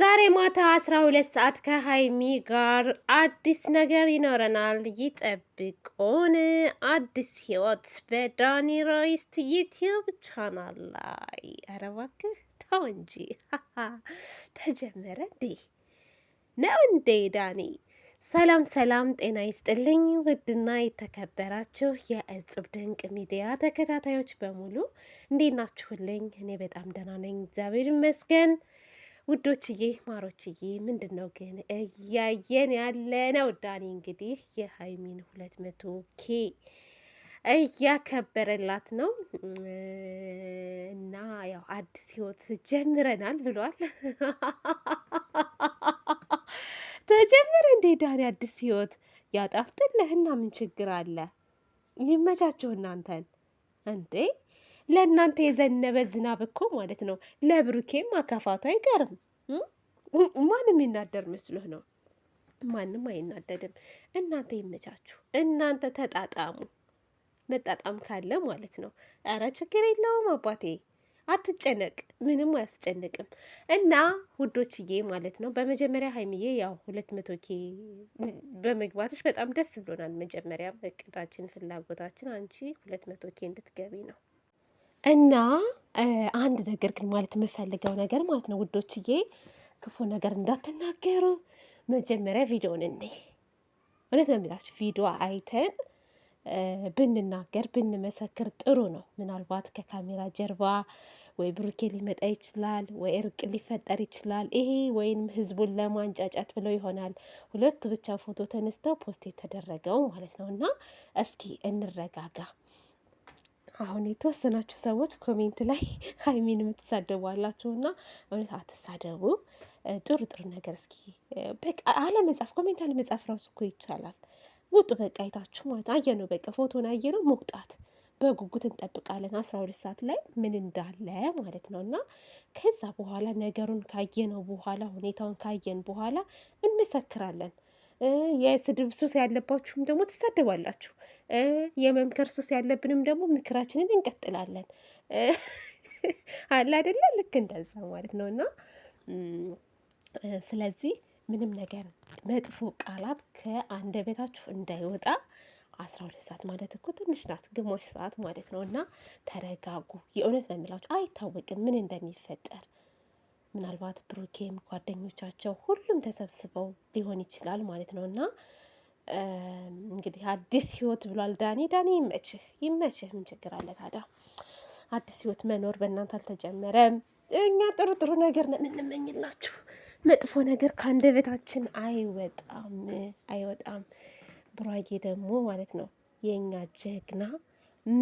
ዛሬ ማታ 12 ሰዓት ከሀይሚ ጋር አዲስ ነገር ይኖረናል። ይጠብቁን። አዲስ ህይወት በዳኒ ሮይስት ዩቲዩብ ቻናል ላይ። ኧረ እባክህ ተው እንጂ ተጀመረ እንዴ? ነው እንዴ ዳኒ? ሰላም ሰላም፣ ጤና ይስጥልኝ ውድና የተከበራችሁ የእጽብ ድንቅ ሚዲያ ተከታታዮች በሙሉ እንዴት ናችሁልኝ? እኔ በጣም ደህና ነኝ፣ እግዚአብሔር ይመስገን። ውዶችዬ ማሮችዬ ምንድን ነው ግን እያየን ያለ ነው ዳኒ እንግዲህ የሀይሚን ሁለት መቶ ኬ እያከበረላት ነው እና ያው አዲስ ህይወት ጀምረናል ብሏል። ተጀመረ እንዴ ዳኒ አዲስ ህይወት ያጣፍጥልህና ምን ችግር አለ? ይመቻቸው እናንተን እንዴ ለእናንተ የዘነበ ዝናብ እኮ ማለት ነው ለብሩኬም አካፋቱ አይቀርም። ማንም ይናደር መስሎህ ነው? ማንም አይናደድም። እናንተ ይመቻችሁ፣ እናንተ ተጣጣሙ። መጣጣም ካለ ማለት ነው። ኧረ ችግር የለውም አባቴ አትጨነቅ፣ ምንም አያስጨንቅም። እና ውዶችዬ ማለት ነው በመጀመሪያ ሀይሚዬ ያው ሁለት መቶ ኬ በመግባትሽ በጣም ደስ ብሎናል። መጀመሪያ እቅዳችን፣ ፍላጎታችን አንቺ ሁለት መቶ ኬ እንድትገቢ ነው። እና አንድ ነገር ግን ማለት የምፈልገው ነገር ማለት ነው ውዶችዬ፣ ክፉ ነገር እንዳትናገሩ። መጀመሪያ ቪዲዮን እኔ እውነት ነው የሚላችሁ ቪዲዮ አይተን ብንናገር ብንመሰክር ጥሩ ነው። ምናልባት ከካሜራ ጀርባ ወይ ብሩኬ ሊመጣ ይችላል፣ ወይ እርቅ ሊፈጠር ይችላል። ይሄ ወይም ህዝቡን ለማንጫጫት ብለው ይሆናል ሁለቱ ብቻ ፎቶ ተነስተው ፖስት የተደረገው ማለት ነው። እና እስኪ እንረጋጋ። አሁን የተወሰናችሁ ሰዎች ኮሜንት ላይ ሀይሚን የምትሳደቡ አላችሁ እና እውነት አትሳደቡ። ጥሩ ጥሩ ነገር እስኪ በቃ አለመጻፍ ኮሜንት አለመጻፍ ራሱ እኮ ይቻላል። ውጡ በቃ አይታችሁ ማለት አየ ነው በቃ ፎቶን አየ ነው መውጣት በጉጉት እንጠብቃለን። አስራ ሁለት ሰዓት ላይ ምን እንዳለ ማለት ነው እና ከዛ በኋላ ነገሩን ካየነው በኋላ ሁኔታውን ካየን በኋላ እንመሰክራለን። የስድብ ሱስ ያለባችሁም ደግሞ ትሳደባላችሁ። የመምከር ሱስ ያለብንም ደግሞ ምክራችንን እንቀጥላለን። አለ አይደለ? ልክ እንደዛ ማለት ነው። እና ስለዚህ ምንም ነገር መጥፎ ቃላት ከአንደበታችሁ እንዳይወጣ አስራ ሁለት ሰዓት ማለት እኮ ትንሽ ናት፣ ግማሽ ሰዓት ማለት ነው። እና ተረጋጉ። የእውነት ነው አይታወቅም ምን እንደሚፈጠር ምናልባት ብሩኬም ጓደኞቻቸው ሁሉ ተሰብስበው ሊሆን ይችላል ማለት ነው። እና እንግዲህ አዲስ ህይወት ብሏል ዳኒ። ዳኒ ይመችህ ይመችህ፣ ምን ችግር አለ ታዲያ? አዲስ ህይወት መኖር በእናንተ አልተጀመረም። እኛ ጥሩ ጥሩ ነገር ነው የምንመኝላችሁ። መጥፎ ነገር ከአንደበታችን አይወጣም አይወጣም። ብሯጌ ደግሞ ማለት ነው የእኛ ጀግና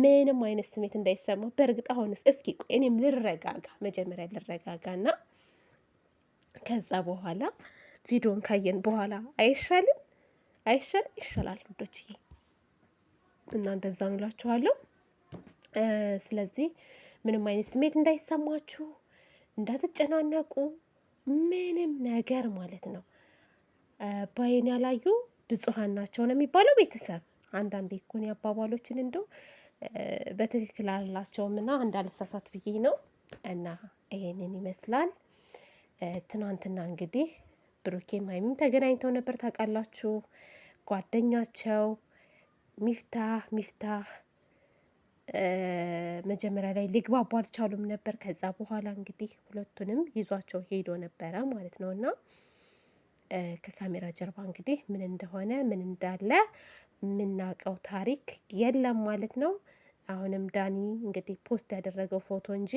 ምንም አይነት ስሜት እንዳይሰማው። በእርግጥ አሁንስ እስኪ እኔም ልረጋጋ፣ መጀመሪያ ልረጋጋ እና ከዛ በኋላ ቪዲዮን ካየን በኋላ አይሻልም? አይሻል ይሻላል ውዶችዬ። እና እንደዛ ምላችኋለሁ። ስለዚህ ምንም አይነት ስሜት እንዳይሰማችሁ እንዳትጨናነቁ፣ ምንም ነገር ማለት ነው። ባይን ያላዩ ብፁሃን ናቸው ነው የሚባለው። ቤተሰብ አንዳንዴ እኮ እኔ አባባሎችን እንደው በትክክል አላቸውም እና እንዳልሳሳት ብዬ ነው። እና ይሄንን ይመስላል ትናንትና እንግዲህ ብሩኬም ሀይሚም ተገናኝተው ነበር ታውቃላችሁ። ጓደኛቸው ሚፍታህ ሚፍታህ መጀመሪያ ላይ ሊግባቡ አልቻሉም ነበር። ከዛ በኋላ እንግዲህ ሁለቱንም ይዟቸው ሄዶ ነበረ ማለት ነው እና ከካሜራ ጀርባ እንግዲህ ምን እንደሆነ ምን እንዳለ የምናውቀው ታሪክ የለም ማለት ነው። አሁንም ዳኒ እንግዲህ ፖስት ያደረገው ፎቶ እንጂ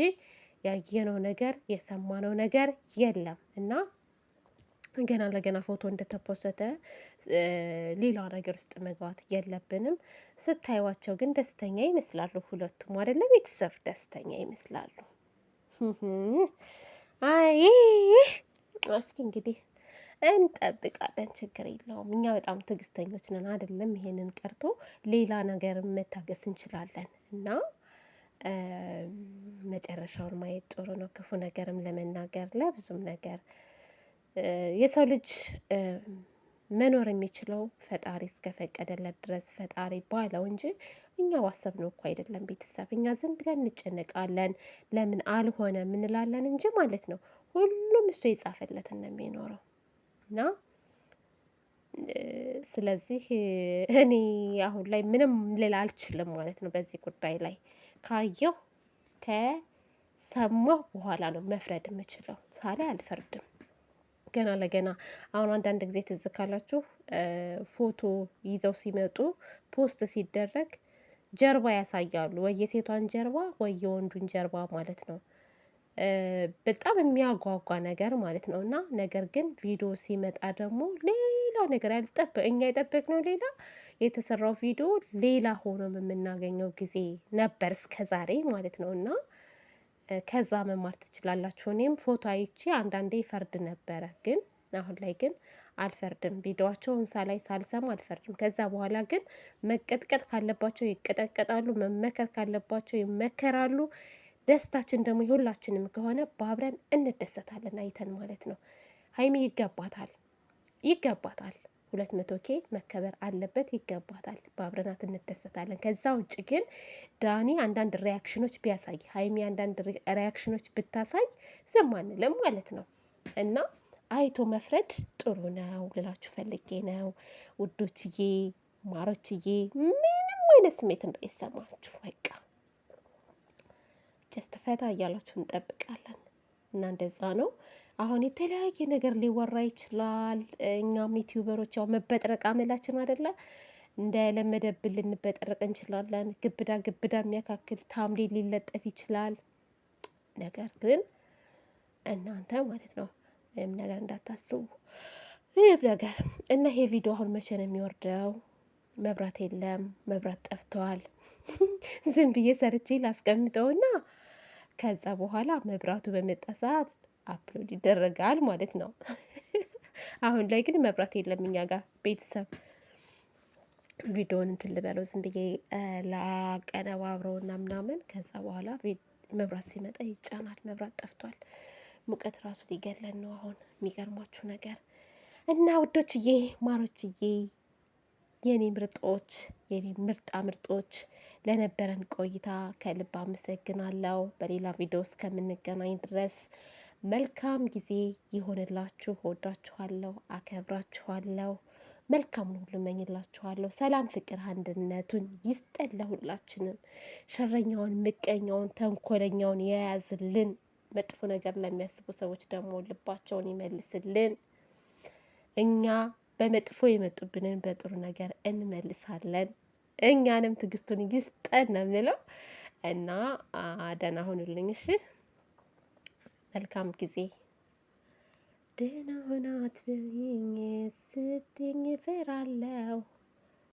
ያየነው ነገር የሰማነው ነገር የለም እና ገና ለገና ፎቶ እንደተፖሰተ ሌላ ነገር ውስጥ መግባት የለብንም። ስታይዋቸው ግን ደስተኛ ይመስላሉ። ሁለቱም አይደለ ቤተሰብ ደስተኛ ይመስላሉ። አይ እስኪ እንግዲህ እንጠብቃለን። ችግር የለውም። እኛ በጣም ትዕግስተኞች ነን አይደለም። ይሄንን ቀርቶ ሌላ ነገር መታገስ እንችላለን እና መጨረሻውን ማየት ጥሩ ነው። ክፉ ነገርም ለመናገር ለብዙም ነገር የሰው ልጅ መኖር የሚችለው ፈጣሪ እስከፈቀደለት ድረስ ፈጣሪ ባለው እንጂ እኛ ባሰብነው እኮ አይደለም። ቤተሰብ እኛ ዝም ብለን እንጨነቃለን፣ ለምን አልሆነ እንላለን እንጂ ማለት ነው። ሁሉም እሱ የጻፈለትን ነው የሚኖረው እና ስለዚህ እኔ አሁን ላይ ምንም ልል አልችልም ማለት ነው። በዚህ ጉዳይ ላይ ካየሁ ከሰማሁ በኋላ ነው መፍረድ የምችለው። ሳላይ አልፈርድም። ገና ለገና አሁን አንዳንድ ጊዜ ትዝ ካላችሁ ፎቶ ይዘው ሲመጡ ፖስት ሲደረግ ጀርባ ያሳያሉ፣ ወይ የሴቷን ጀርባ ወይ የወንዱን ጀርባ ማለት ነው። በጣም የሚያጓጓ ነገር ማለት ነው። እና ነገር ግን ቪዲዮ ሲመጣ ደግሞ ሌላው ነገር ያልጠበ እኛ የጠበቅነው ሌላ የተሰራው ቪዲዮ ሌላ ሆኖ የምናገኘው ጊዜ ነበር እስከ ዛሬ ማለት ነው እና ከዛ መማር ትችላላችሁ። እኔም ፎቶ አይቼ አንዳንዴ ፈርድ ነበረ፣ ግን አሁን ላይ ግን አልፈርድም። ቪዲዮዋቸውን ላይ ሳልሰማ አልፈርድም። ከዛ በኋላ ግን መቀጥቀጥ ካለባቸው ይቀጠቀጣሉ፣ መመከር ካለባቸው ይመከራሉ። ደስታችን ደግሞ የሁላችንም ከሆነ በአብረን እንደሰታለን አይተን ማለት ነው። ሀይሚ ይገባታል፣ ይገባታል። ሁለት መቶ ኬ መከበር አለበት፣ ይገባታል። በአብረናት እንደሰታለን። ከዛ ውጭ ግን ዳኒ አንዳንድ ሪያክሽኖች ቢያሳይ፣ ሀይሚ አንዳንድ ሪያክሽኖች ብታሳይ ዝም አንልም ማለት ነው እና አይቶ መፍረድ ጥሩ ነው ልላችሁ ፈልጌ ነው ውዶችዬ፣ ማሮችዬ ምንም አይነት ስሜት እንዳይሰማችሁ በቃ ጀስት ፈታ እያላችሁ እንጠብቃለን እና እንደዛ ነው። አሁን የተለያየ ነገር ሊወራ ይችላል። እኛም ዩቲዩበሮች ያው መበጥረቅ አመላችን አደለ እንደለመደብን ልንበጠረቅ እንችላለን። ግብዳ ግብዳ የሚያካክል ታምሌ ሊለጠፍ ይችላል። ነገር ግን እናንተ ማለት ነው ምንም ነገር እንዳታስቡ። ምንም ነገር እና ይሄ ቪዲዮ አሁን መቼ ነው የሚወርደው? መብራት የለም፣ መብራት ጠፍተዋል ዝም ብዬ ሰርቼ ላስቀምጠውና ከዛ በኋላ መብራቱ በመጣ ሰዓት አፕሎድ ይደረጋል ማለት ነው። አሁን ላይ ግን መብራት የለም እኛ ጋር ቤተሰብ ቪዲዮን እንትን ልበለው ዝም ብዬ ላቀነባብረውና ምናምን ከዛ በኋላ መብራት ሲመጣ ይጫናል። መብራት ጠፍቷል። ሙቀት ራሱ ሊገለን ነው አሁን የሚገርማችሁ ነገር እና ውዶችዬ፣ ማሮችዬ፣ የኔ ምርጦች፣ የኔ ምርጣ ምርጦች ለነበረን ቆይታ ከልብ አመሰግናለሁ። በሌላ ቪዲዮ እስከምንገናኝ ድረስ መልካም ጊዜ ይሆንላችሁ። ወዳችኋለሁ፣ አከብራችኋለሁ። መልካሙን ሁሉ መኝላችኋለሁ። ሰላም፣ ፍቅር፣ አንድነቱን ይስጠን ለሁላችንም። ሸረኛውን፣ ምቀኛውን፣ ተንኮለኛውን የያዝልን። መጥፎ ነገር ለሚያስቡ ሰዎች ደግሞ ልባቸውን ይመልስልን። እኛ በመጥፎ የመጡብንን በጥሩ ነገር እንመልሳለን። እኛንም ትዕግስቱን ይስጠን ነው የምንለው እና ደህና ሁኑልኝ። እሺ መልካም ጊዜ። ደህና ሆና አትበይኝ ስትኝ እፈራለሁ